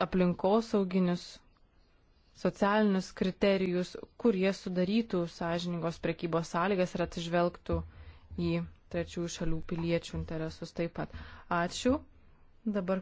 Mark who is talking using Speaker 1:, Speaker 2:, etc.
Speaker 1: aplinkosauginius, socialinius kriterijus, kurie sudarytų sąžiningos prekybos sąlygas ir atsižvelgtų į trečiųjų šalių piliečių interesus taip pat. Ačiū.
Speaker 2: Dabar